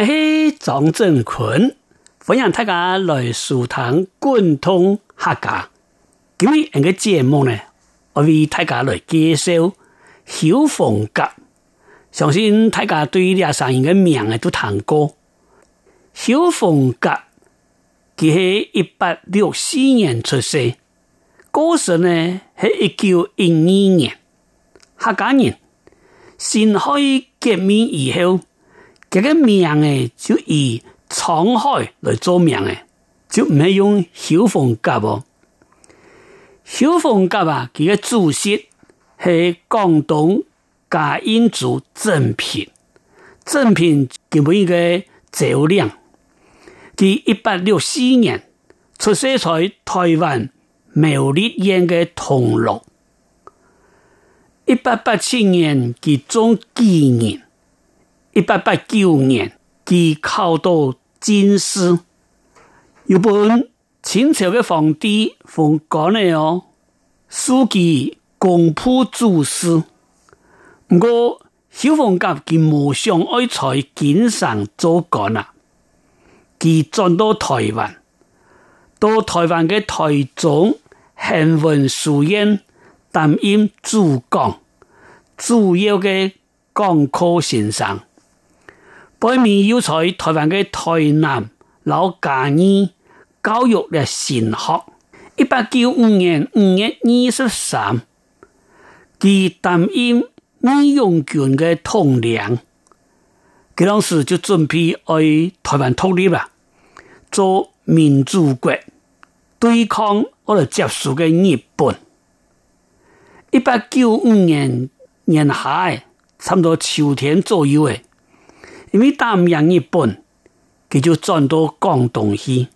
係張振坤，歡迎大家來收聽貫通客家。今日一個節目呢，我為大家來介紹丘逢甲。相信大家對呢個聲音的名字都聽過，丘逢甲，佢係一八六四年出生，過世呢係一九一二年，客家人辛亥革命以後。這個名呢就以倉海來做名呢，就沒有用丘逢甲哦。丘逢甲啊，佢嘅祖籍係廣東嘉應州鎮平，鎮平佢本應該蕉嶺，喺一八六四年出生在台灣苗栗縣的銅鑼，一八八七年佢中舉人。一八八九年，佢考到進士。原本清朝嘅皇帝封佢呢哦，書記公僕、主事，不過丘逢甲佢冇想愛在京城做官啊，佢轉到台灣，到台灣嘅台中行文書院擔任主講，主要嘅講課先生。北面又在台灣的台南，老家呢，教育的新學。一八九五年五月二十三，佢擔任義勇軍的統領，佢當時就準備為台灣獨立啊，做民主國，對抗我哋接受的日本。一八九五年年底，差不多秋天左右因為打唔贏日本，佢就轉到廣東去。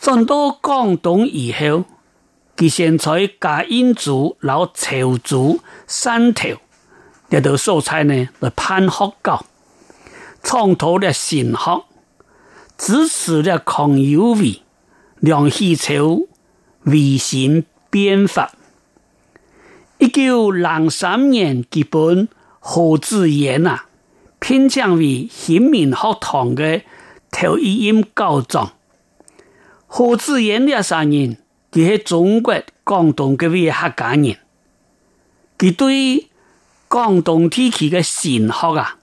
轉到廣東以後，佢先在嘉應州、老後潮州三條、汕頭的，呢都所在呢嚟辦學校，創投呢新學，支持呢康有為、梁啟超維新變法。一九零三年基本何自言啊。偏向為興民學堂的頭一任校長，何子淵的三人，佢係中國廣東嘅客家人，佢對廣東地區嘅興學啊、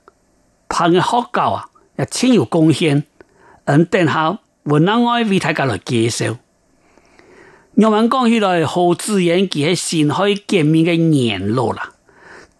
辦學校啊，也頗有貢獻。嗯，等下我諗我為大家來介紹。我文講起來，何子淵佢係辛亥革命嘅年路啦。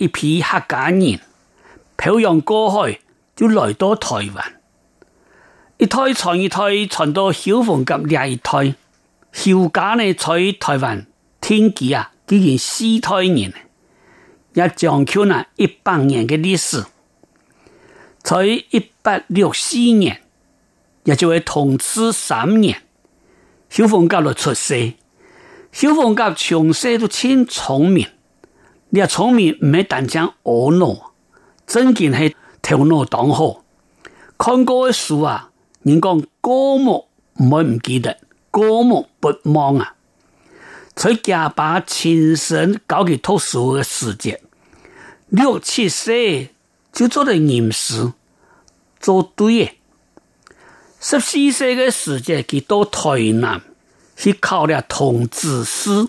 一批客家人漂洋過海，就來到台灣。一胎傳一胎，傳到丘逢甲廿二胎。小甲呢，在台灣天紀啊，居然四胎人，一講橋呢，一百年的歷史。在一八六四年，也就係同治三年，丘逢甲就出世。丘逢甲從細都聰明你聰明，唔係單將惡腦，真是係頭腦當好。看過一書啊，人講過目唔記得，過目不忘啊。在家把精神搞給讀書的時節，六七歲就做咗吟詩做對嘅。十四歲的時節去到台南，去考了童子試。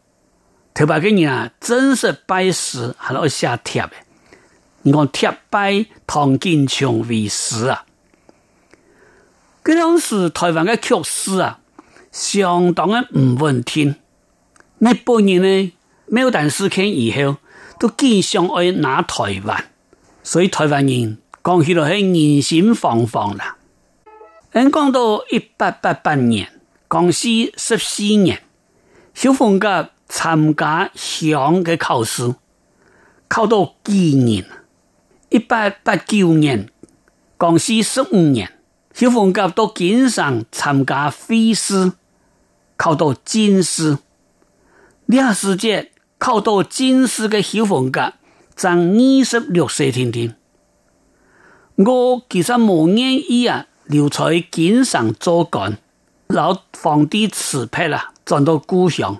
台灣嘅啊，真是拜師還要下帖嘅，你看貼拜唐景崧為師啊？嗰陣時台灣的局勢啊，相當的唔穩定。日本人呢，沒有但是看以後都經常愛拿台灣，所以台灣人講起來係人心惶惶啦。咁講到一八八八年，光緒十四年，丘逢甲。參加鄉的考試，考到第二年，一八八九年，光緒十五年，丘逢甲到京城參加會試，試考到進士。呢、這個時節考到進士的丘逢甲，賺二十六歲甜甜，我其實無願意啊，留在京城做官，老皇帝辭退啦，轉到故鄉。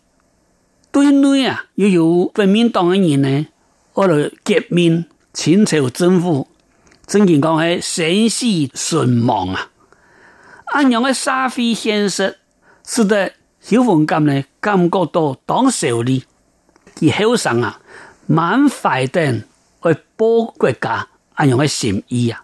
對內啊，又有革命黨嘅人呢，我哋革命清朝政府，曾經講係生死存亡啊！咁樣嘅社會現實，使得丘逢甲呢感覺到黨少呢，佢好神啊，猛快啲去保國家，咁樣嘅心意啊！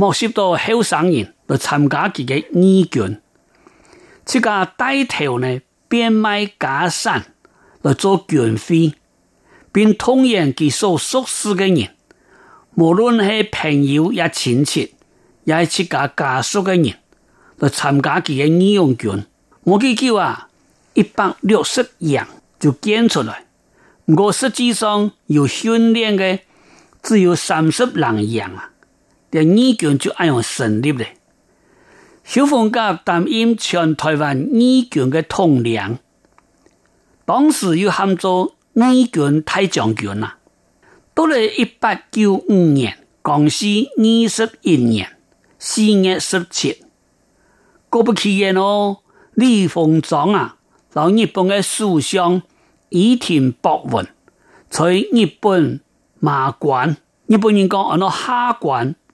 莫涉到後生人嚟參加伊己義捐，即家帶頭呢，變賣家產嚟做捐費，並動員佢所熟識的人，無論係朋友抑親戚，也係即家家屬嘅人嚟參加伊己義捐。我記住啊，一百六十人就捐出來，毋過實際上有訓練嘅只有三十人樣啊。啲義軍就咁樣成立嘅。丘逢甲擔任全台灣義軍嘅統領，當時又喊做義軍太將軍啦。到了一八九五年，光緒二十一年四月十七，過不去然哦，李鴻章啊，老日本嘅首相伊藤博文，在日本馬關，日本人講我做下關。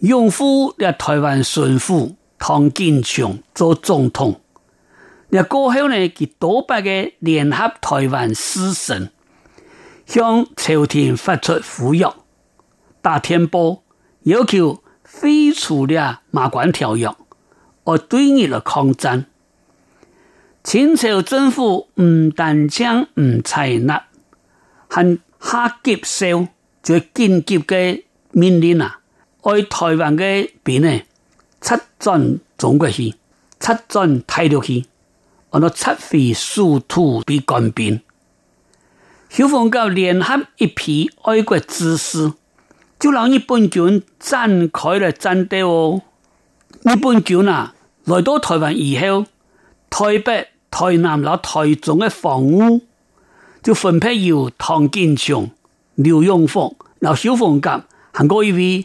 擁護喺台灣巡撫唐景祥做總統，你過後呢？佢打敗嘅聯合台灣士紳向朝廷發出呼籲，打電報，要求廢除了馬關條約，而對日來抗戰。清朝政府唔但將唔採納，還下接受最緊急嘅命令啊！去台灣嘅兵呢，出戰中國去，出戰泰國去，我哋赤匪殊途嘅幹兵，丘逢甲聯合一批愛國志士，就讓日、哦、本軍展開了戰鬥。鬥。日本軍嗱來到台灣以後，台北、台南嗱台中嘅房屋就分配由唐景崧、劉永福、嗱丘逢甲，韓國一位。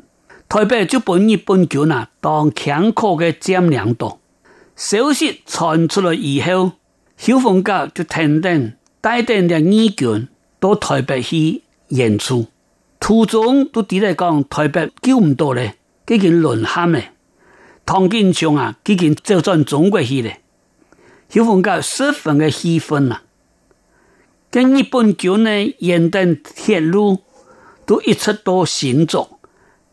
台北就本日本軍啊，當強酷嘅佔領度消息傳出來以後，丘逢甲就停定帶定着義軍到台北去演出。途中都啲人講台北救唔到咧，已經淪陷咧。唐景崧啊，已經就轉中國去咧。丘逢甲十分嘅氣憤啊，跟日本軍呢，沿定鐵路都一直都行走。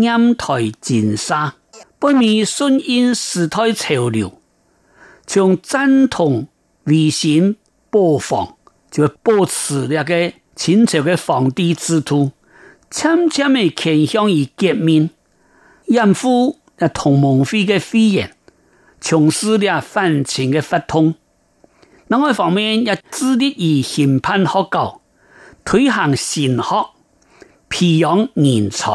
煙台金沙，不為順應時代潮流，從讚同維新變法，就係保持那個清朝嘅皇帝制度，悄悄嘅傾向於革命，掩護同盟會嘅會員，從事了反清嘅活動。另外一方面，要致力於興辦學校，推行新學，培養人才。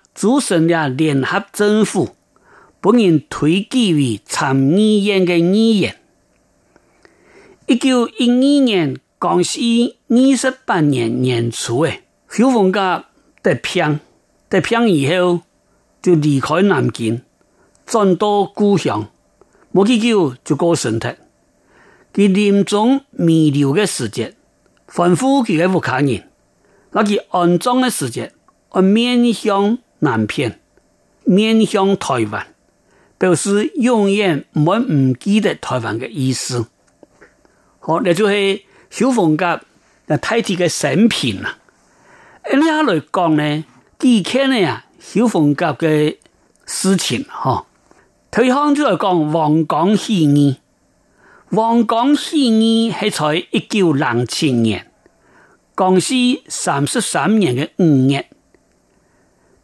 組成了聯合政府，本人推舉為參議院的議員。一九一二年廣西二十八年年初，誒，丘逢甲得病，得病以後就離開南京，轉到故鄉，冇幾久就過身去。佢臨終彌留嘅時節，反覆吩咐佢嘅家人，嗱佢安葬的時節，要面向。南片面向台灣，表、就、示、是、永遠唔會唔記得台灣的意思。好，嚟就係小鳳格，但睇住嘅省片來啊。喺呢下講咧，記起咧啊，丘逢甲的事情哈。退翻轉嚟講，黃岡起義，黃岡起義係在一九零七年，光緒三十三年的五月。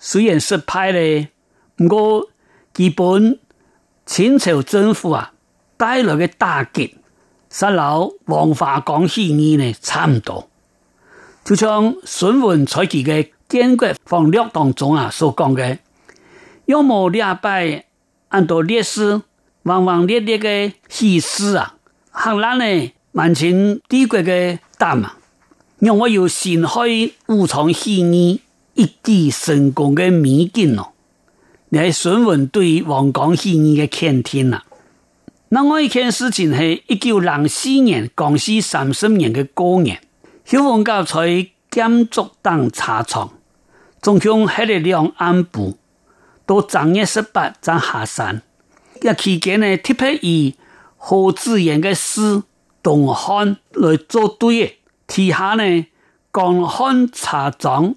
雖然失敗了，不過基本清朝政府啊帶來的打擊，三老王化講起義呢差唔多，就像孫文喺佢的,的《建國方略》當中啊所講的，要麼力打敗很多烈士，轟轟烈烈的犧牲啊，吓爛呢滿清帝國的大夢，讓我要掀開武昌起義。一地成功嘅美景哦，你係詢問對黃岡起義嘅肯定啊。那我一件事情係一九零四年光緒三十年嘅過年，小鳳教在甘竹當茶廠，總向喺力晾暗布，到正月十八才下山。呢期間呢，特別以何志仁嘅詩同漢來作對嘅，天下呢江漢茶廠。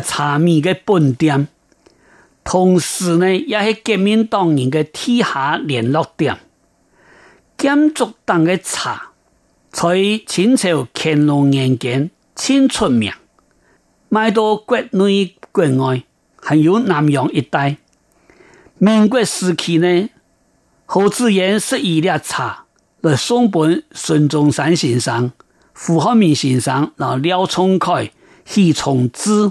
茶米嘅本店，同時呢，也是革命黨員嘅地下聯絡點。簡竹黨嘅茶，在清朝乾隆年間已出名，賣到國內國外，還有南洋一帶。民國時期呢，何志遠設一列茶來送本孫中山先生、胡漢民先生，然後廖仲愷、許崇智。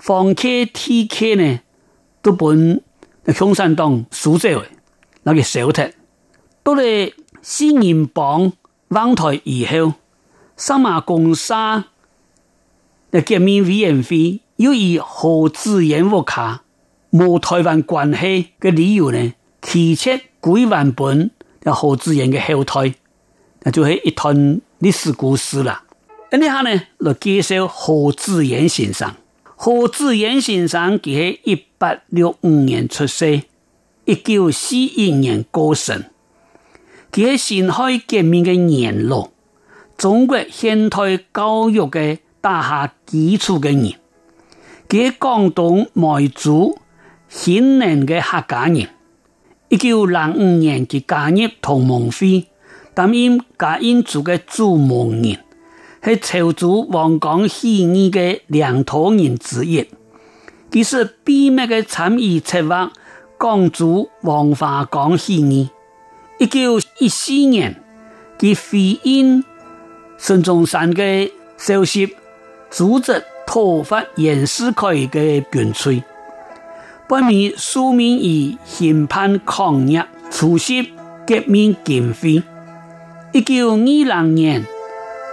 房企、tk 呢都本共產黨所借嘅，嗱、那個小艇，到嚟新民幫翻台以後，三馬共殺嘅革命委員會又以何志遠冇卡冇台灣關係嘅理由呢，提出歸還本何志遠嘅後台，就係一段歷史故事啦。咁你睇呢，就介紹何志遠先生。何志遠先生，佮一八六五年出生，一、就、九、是、四一年過世，佮辛亥革命嘅年老，中國現代教育嘅打下基礎嘅人，佮、就、廣、是、東梅州興寧嘅客家、就是、人，一九零五年佮加入同盟會，擔任佮嘉應州嘅主盟人。是潮州黃岡起義的領頭人之一，佢是秘密嘅參與策劃廣州黃花崗起義。一九一四年，佢回應孫中山的消息，組織討伐袁世凱的軍隊，不滿署名以審判抗日、出席革命經費。一九二零年。